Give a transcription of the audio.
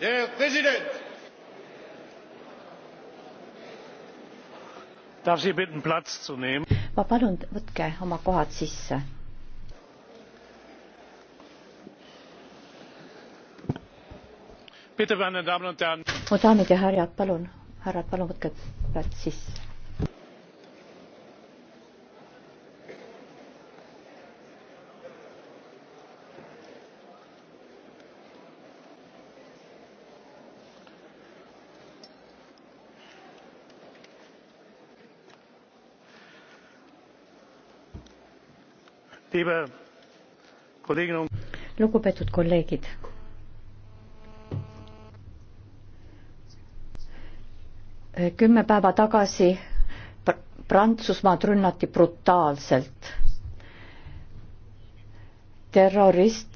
Herr Präsident! Darf Sie bitten, Platz zu nehmen? Ma palun, võtke oma kohad sisse. Bitte, meine Damen und Herren. Mu daamid ja härjad, palun, härrad, palun võtke plats sisse. lugupeetud kolleegid kümme päeva tagasi prantsusmaad rünnati brutaalselt terrorist